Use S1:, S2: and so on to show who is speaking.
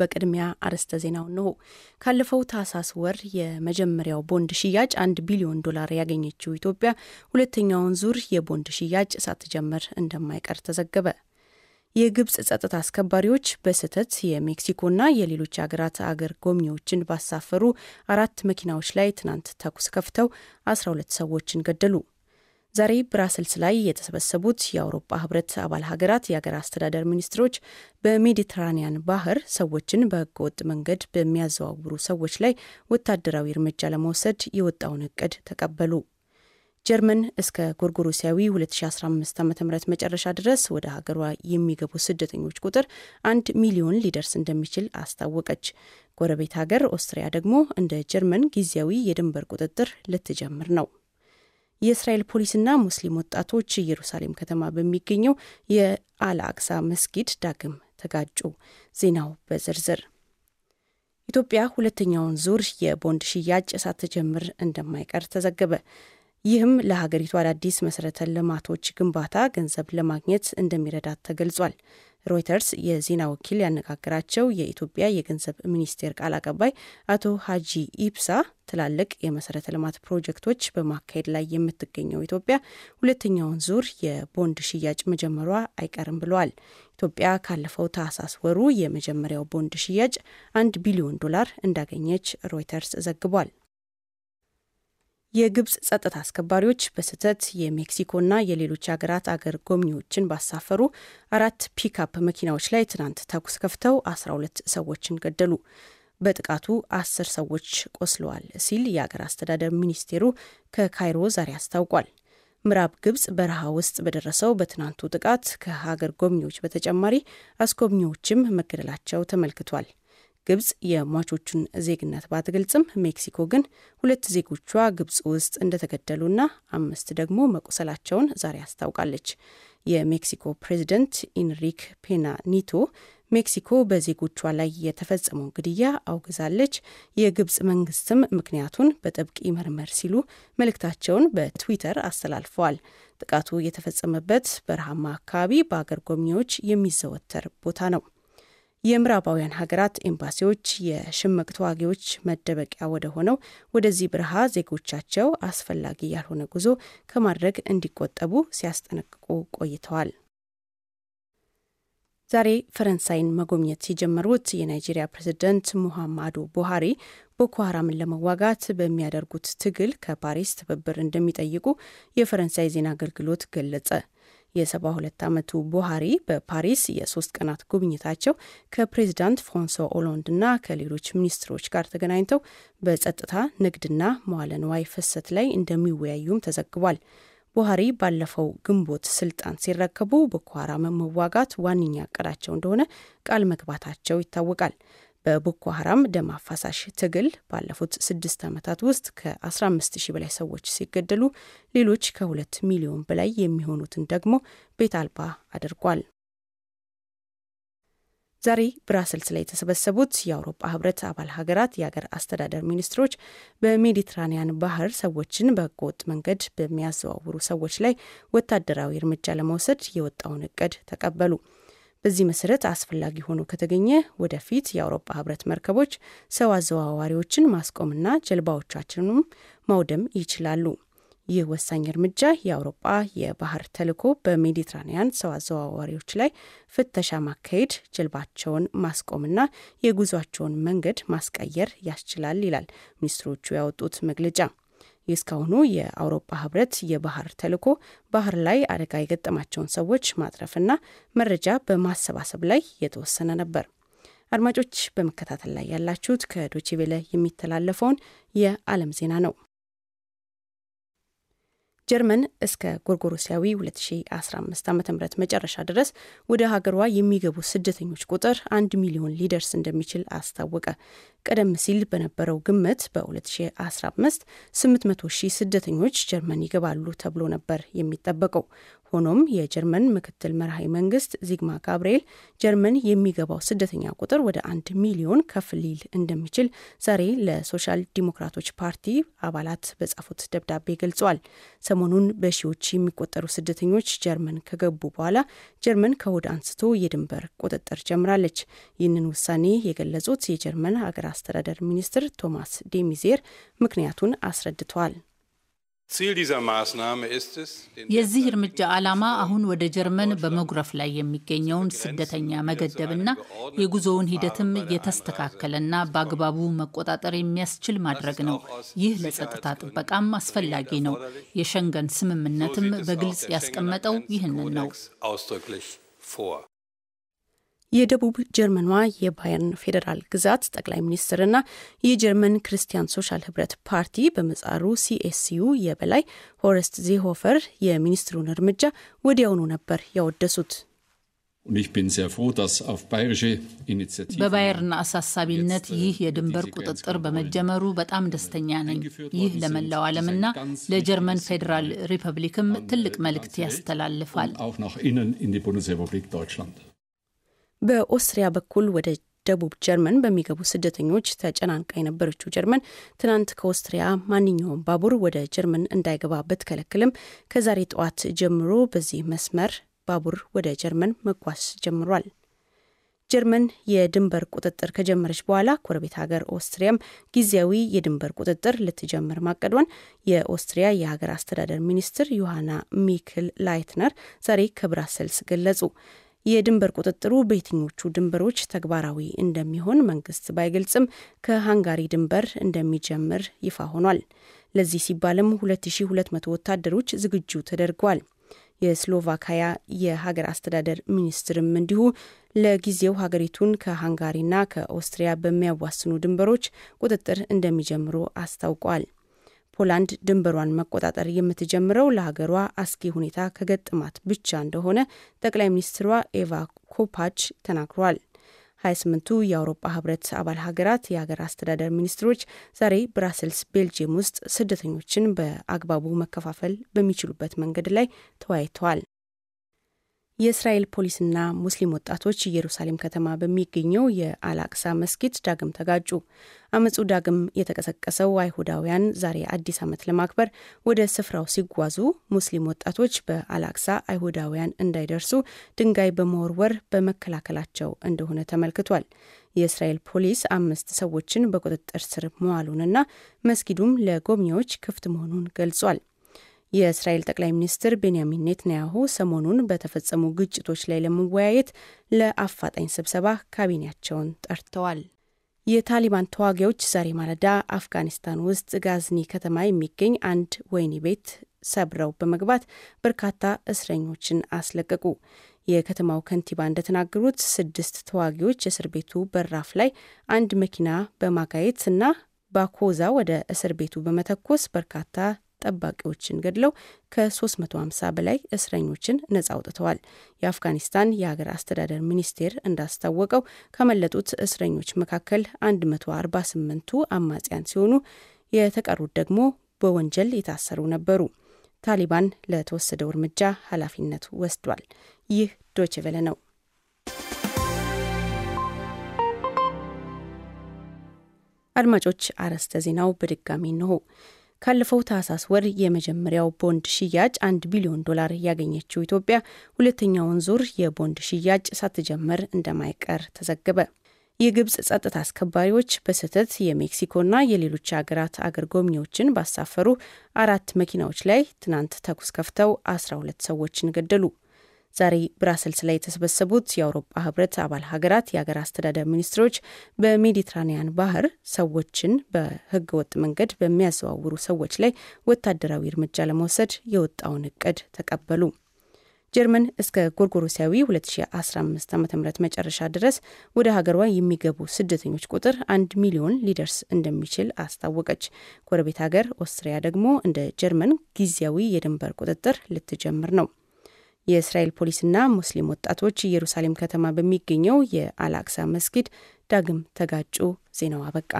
S1: በቅድሚያ አርዕስተ ዜናው ነው። ካለፈው ታህሳስ ወር የመጀመሪያው ቦንድ ሽያጭ አንድ ቢሊዮን ዶላር ያገኘችው ኢትዮጵያ ሁለተኛውን ዙር የቦንድ ሽያጭ ሳትጀምር እንደማይቀር ተዘገበ። የግብፅ ጸጥታ አስከባሪዎች በስህተት የሜክሲኮና የሌሎች ሀገራት አገር ጎብኚዎችን ባሳፈሩ አራት መኪናዎች ላይ ትናንት ተኩስ ከፍተው 12 ሰዎችን ገደሉ። ዛሬ ብራሰልስ ላይ የተሰበሰቡት የአውሮፓ ህብረት አባል ሀገራት የሀገር አስተዳደር ሚኒስትሮች በሜዲትራኒያን ባህር ሰዎችን በህገወጥ መንገድ በሚያዘዋውሩ ሰዎች ላይ ወታደራዊ እርምጃ ለመውሰድ የወጣውን እቅድ ተቀበሉ። ጀርመን እስከ ጎርጎሮሲያዊ 2015 ዓ ም መጨረሻ ድረስ ወደ ሀገሯ የሚገቡ ስደተኞች ቁጥር አንድ ሚሊዮን ሊደርስ እንደሚችል አስታወቀች። ጎረቤት ሀገር ኦስትሪያ ደግሞ እንደ ጀርመን ጊዜያዊ የድንበር ቁጥጥር ልትጀምር ነው። የእስራኤል ፖሊስና ሙስሊም ወጣቶች ኢየሩሳሌም ከተማ በሚገኘው የአልአቅሳ መስጊድ ዳግም ተጋጩ። ዜናው በዝርዝር ኢትዮጵያ ሁለተኛውን ዙር የቦንድ ሽያጭ ሳትጀምር እንደማይቀር ተዘገበ። ይህም ለሀገሪቱ አዳዲስ መሰረተ ልማቶች ግንባታ ገንዘብ ለማግኘት እንደሚረዳት ተገልጿል። ሮይተርስ የዜና ወኪል ያነጋግራቸው የኢትዮጵያ የገንዘብ ሚኒስቴር ቃል አቀባይ አቶ ሀጂ ኢብሳ ትላልቅ የመሰረተ ልማት ፕሮጀክቶች በማካሄድ ላይ የምትገኘው ኢትዮጵያ ሁለተኛውን ዙር የቦንድ ሽያጭ መጀመሯ አይቀርም ብለዋል። ኢትዮጵያ ካለፈው ታህሳስ ወሩ የመጀመሪያው ቦንድ ሽያጭ አንድ ቢሊዮን ዶላር እንዳገኘች ሮይተርስ ዘግቧል። የግብፅ ጸጥታ አስከባሪዎች በስህተት የሜክሲኮና የሌሎች ሀገራት አገር ጎብኚዎችን ባሳፈሩ አራት ፒክአፕ መኪናዎች ላይ ትናንት ተኩስ ከፍተው 12 ሰዎችን ገደሉ። በጥቃቱ አስር ሰዎች ቆስለዋል ሲል የአገር አስተዳደር ሚኒስቴሩ ከካይሮ ዛሬ አስታውቋል። ምዕራብ ግብፅ በረሃ ውስጥ በደረሰው በትናንቱ ጥቃት ከሀገር ጎብኚዎች በተጨማሪ አስጎብኚዎችም መገደላቸው ተመልክቷል። ግብጽ የሟቾቹን ዜግነት ባትገልጽም ሜክሲኮ ግን ሁለት ዜጎቿ ግብጽ ውስጥ እንደተገደሉና አምስት ደግሞ መቁሰላቸውን ዛሬ አስታውቃለች። የሜክሲኮ ፕሬዚደንት ኢንሪክ ፔና ኒቶ ሜክሲኮ በዜጎቿ ላይ የተፈጸመው ግድያ አውግዛለች፣ የግብጽ መንግስትም ምክንያቱን በጥብቅ ይመርመር ሲሉ መልእክታቸውን በትዊተር አስተላልፈዋል። ጥቃቱ የተፈጸመበት በረሃማ አካባቢ በአገር ጎብኚዎች የሚዘወተር ቦታ ነው። የምዕራባውያን ሀገራት ኤምባሲዎች የሽምቅ ተዋጊዎች መደበቂያ ወደ ሆነው ወደዚህ በረሃ ዜጎቻቸው አስፈላጊ ያልሆነ ጉዞ ከማድረግ እንዲቆጠቡ ሲያስጠነቅቁ ቆይተዋል። ዛሬ ፈረንሳይን መጎብኘት የጀመሩት የናይጄሪያ ፕሬዝዳንት ሙሐማዱ ቡሃሪ ቦኮ ሀራምን ለመዋጋት በሚያደርጉት ትግል ከፓሪስ ትብብር እንደሚጠይቁ የፈረንሳይ ዜና አገልግሎት ገለጸ። የ72 ዓመቱ ቡሃሪ በፓሪስ የሶስት ቀናት ጉብኝታቸው ከፕሬዚዳንት ፍራንሷ ኦሎንድና ከሌሎች ሚኒስትሮች ጋር ተገናኝተው በጸጥታ ንግድና መዋለ ንዋይ ፍሰት ላይ እንደሚወያዩም ተዘግቧል። ቡሃሪ ባለፈው ግንቦት ስልጣን ሲረከቡ ቦኮ ሃራምን መዋጋት ዋነኛ እቅዳቸው እንደሆነ ቃል መግባታቸው ይታወቃል። በቦኮ ሀራም ደም አፋሳሽ ትግል ባለፉት ስድስት ዓመታት ውስጥ ከ15 ሺህ በላይ ሰዎች ሲገደሉ ሌሎች ከሁለት ሚሊዮን በላይ የሚሆኑትን ደግሞ ቤት አልባ አድርጓል። ዛሬ ብራስልስ ላይ የተሰበሰቡት የአውሮፓ ህብረት አባል ሀገራት የአገር አስተዳደር ሚኒስትሮች በሜዲትራኒያን ባህር ሰዎችን በህገወጥ መንገድ በሚያዘዋውሩ ሰዎች ላይ ወታደራዊ እርምጃ ለመውሰድ የወጣውን እቅድ ተቀበሉ። በዚህ መሰረት አስፈላጊ ሆኖ ከተገኘ ወደፊት የአውሮፓ ህብረት መርከቦች ሰው አዘዋዋሪዎችን ማስቆምና ጀልባዎቻችንም ማውደም ይችላሉ። ይህ ወሳኝ እርምጃ የአውሮፓ የባህር ተልዕኮ በሜዲትራኒያን ሰው አዘዋዋሪዎች ላይ ፍተሻ ማካሄድ፣ ጀልባቸውን ማስቆምና የጉዟቸውን መንገድ ማስቀየር ያስችላል ይላል ሚኒስትሮቹ ያወጡት መግለጫ። የእስካሁኑ የአውሮፓ ህብረት የባህር ተልዕኮ ባህር ላይ አደጋ የገጠማቸውን ሰዎች ማጥረፍና መረጃ በማሰባሰብ ላይ የተወሰነ ነበር። አድማጮች በመከታተል ላይ ያላችሁት ከዶቼ ቬለ የሚተላለፈውን የዓለም ዜና ነው። ጀርመን እስከ ጎርጎሮሲያዊ 2015 ዓ ም መጨረሻ ድረስ ወደ ሀገሯ የሚገቡ ስደተኞች ቁጥር አንድ ሚሊዮን ሊደርስ እንደሚችል አስታወቀ። ቀደም ሲል በነበረው ግምት በ2015 800 ሺህ ስደተኞች ጀርመን ይገባሉ ተብሎ ነበር የሚጠበቀው። ሆኖም የጀርመን ምክትል መርሃዊ መንግስት ዚግማ ጋብርኤል ጀርመን የሚገባው ስደተኛ ቁጥር ወደ አንድ ሚሊዮን ከፍ ሊል እንደሚችል ዛሬ ለሶሻል ዲሞክራቶች ፓርቲ አባላት በጻፉት ደብዳቤ ገልጿል። ሰሞኑን በሺዎች የሚቆጠሩ ስደተኞች ጀርመን ከገቡ በኋላ ጀርመን ከእሁድ አንስቶ የድንበር ቁጥጥር ጀምራለች። ይህንን ውሳኔ የገለጹት የጀርመን ሀገር አስተዳደር ሚኒስትር ቶማስ ዴሚዜር ምክንያቱን አስረድተዋል። የዚህ እርምጃ ዓላማ አሁን ወደ ጀርመን በመጉረፍ ላይ የሚገኘውን ስደተኛ መገደብና የጉዞውን ሂደትም የተስተካከለና በአግባቡ መቆጣጠር የሚያስችል ማድረግ ነው። ይህ ለጸጥታ ጥበቃም አስፈላጊ ነው። የሸንገን ስምምነትም በግልጽ ያስቀመጠው ይህንን ነው። የደቡብ ጀርመኗ የባየርን ፌዴራል ግዛት ጠቅላይ ሚኒስትርና የጀርመን ክርስቲያን ሶሻል ህብረት ፓርቲ በመጻሩ ሲኤስዩ የበላይ ሆረስት ዜሆፈር የሚኒስትሩን እርምጃ ወዲያውኑ ነበር ያወደሱት። በባየርና አሳሳቢነት äh, ይህ የድንበር ቁጥጥር በመጀመሩ በጣም ደስተኛ ነኝ። ይህ ለመላው ዓለምና ለጀርመን ፌዴራል ሪፐብሊክም ትልቅ መልእክት ያስተላልፋል። በኦስትሪያ በኩል ወደ ደቡብ ጀርመን በሚገቡ ስደተኞች ተጨናንቃ የነበረችው ጀርመን ትናንት ከኦስትሪያ ማንኛውም ባቡር ወደ ጀርመን እንዳይገባ ብትከለክልም ከዛሬ ጠዋት ጀምሮ በዚህ መስመር ባቡር ወደ ጀርመን መጓዝ ጀምሯል። ጀርመን የድንበር ቁጥጥር ከጀመረች በኋላ ጎረቤት ሀገር ኦስትሪያም ጊዜያዊ የድንበር ቁጥጥር ልትጀምር ማቀዷን የኦስትሪያ የሀገር አስተዳደር ሚኒስትር ዮሐና ሚክል ላይትነር ዛሬ ከብራሰልስ ገለጹ። የድንበር ቁጥጥሩ በየትኞቹ ድንበሮች ተግባራዊ እንደሚሆን መንግስት ባይገልጽም ከሃንጋሪ ድንበር እንደሚጀምር ይፋ ሆኗል። ለዚህ ሲባልም 2200 ወታደሮች ዝግጁ ተደርጓል። የስሎቫካያ የሀገር አስተዳደር ሚኒስትርም እንዲሁ ለጊዜው ሀገሪቱን ከሃንጋሪና ከኦስትሪያ በሚያዋስኑ ድንበሮች ቁጥጥር እንደሚጀምሩ አስታውቋል። ሆላንድ ድንበሯን መቆጣጠር የምትጀምረው ለሀገሯ አስጊ ሁኔታ ከገጥማት ብቻ እንደሆነ ጠቅላይ ሚኒስትሯ ኤቫ ኮፓች ተናግሯል። 28ቱ የአውሮፓ ህብረት አባል ሀገራት የሀገር አስተዳደር ሚኒስትሮች ዛሬ ብራስልስ ቤልጅየም ውስጥ ስደተኞችን በአግባቡ መከፋፈል በሚችሉበት መንገድ ላይ ተወያይተዋል። የእስራኤል ፖሊስና ሙስሊም ወጣቶች ኢየሩሳሌም ከተማ በሚገኘው የአላቅሳ መስጊድ ዳግም ተጋጩ። አመፁ ዳግም የተቀሰቀሰው አይሁዳውያን ዛሬ አዲስ ዓመት ለማክበር ወደ ስፍራው ሲጓዙ ሙስሊም ወጣቶች በአላቅሳ አይሁዳውያን እንዳይደርሱ ድንጋይ በመወርወር በመከላከላቸው እንደሆነ ተመልክቷል። የእስራኤል ፖሊስ አምስት ሰዎችን በቁጥጥር ስር መዋሉንና መስጊዱም ለጎብኚዎች ክፍት መሆኑን ገልጿል። የእስራኤል ጠቅላይ ሚኒስትር ቤንያሚን ኔትንያሁ ሰሞኑን በተፈጸሙ ግጭቶች ላይ ለመወያየት ለአፋጣኝ ስብሰባ ካቢኔያቸውን ጠርተዋል። የታሊባን ተዋጊዎች ዛሬ ማለዳ አፍጋኒስታን ውስጥ ጋዝኒ ከተማ የሚገኝ አንድ ወህኒ ቤት ሰብረው በመግባት በርካታ እስረኞችን አስለቀቁ። የከተማው ከንቲባ እንደተናገሩት ስድስት ተዋጊዎች እስር ቤቱ በራፍ ላይ አንድ መኪና በማጋየት እና ባኮዛ ወደ እስር ቤቱ በመተኮስ በርካታ ጠባቂዎችን ገድለው ከ350 በላይ እስረኞችን ነጻ አውጥተዋል። የአፍጋኒስታን የሀገር አስተዳደር ሚኒስቴር እንዳስታወቀው ከመለጡት እስረኞች መካከል 148ቱ አማጽያን ሲሆኑ የተቀሩት ደግሞ በወንጀል የታሰሩ ነበሩ። ታሊባን ለተወሰደው እርምጃ ኃላፊነት ወስዷል። ይህ ዶይቼ ቬለ ነው። አድማጮች፣ አርዕስተ ዜናው በድጋሚ እንሆ ካለፈው ታህሳስ ወር የመጀመሪያው ቦንድ ሽያጭ አንድ ቢሊዮን ዶላር ያገኘችው ኢትዮጵያ ሁለተኛውን ዙር የቦንድ ሽያጭ ሳትጀምር እንደማይቀር ተዘገበ። የግብፅ ጸጥታ አስከባሪዎች በስህተት የሜክሲኮና የሌሎች ሀገራት አገር ጎብኚዎችን ባሳፈሩ አራት መኪናዎች ላይ ትናንት ተኩስ ከፍተው ሁለት ሰዎችን ገደሉ። ዛሬ ብራሰልስ ላይ የተሰበሰቡት የአውሮፓ ህብረት አባል ሀገራት የሀገር አስተዳደር ሚኒስትሮች በሜዲትራኒያን ባህር ሰዎችን በህገወጥ መንገድ በሚያዘዋውሩ ሰዎች ላይ ወታደራዊ እርምጃ ለመውሰድ የወጣውን እቅድ ተቀበሉ። ጀርመን እስከ ጎርጎሮሲያዊ 2015 ዓ ም መጨረሻ ድረስ ወደ ሀገሯ የሚገቡ ስደተኞች ቁጥር አንድ ሚሊዮን ሊደርስ እንደሚችል አስታወቀች። ጎረቤት ሀገር ኦስትሪያ ደግሞ እንደ ጀርመን ጊዜያዊ የድንበር ቁጥጥር ልትጀምር ነው። የእስራኤል ፖሊስና ሙስሊም ወጣቶች ኢየሩሳሌም ከተማ በሚገኘው የአልአቅሳ መስጊድ ዳግም ተጋጩ። ዜናው አበቃ።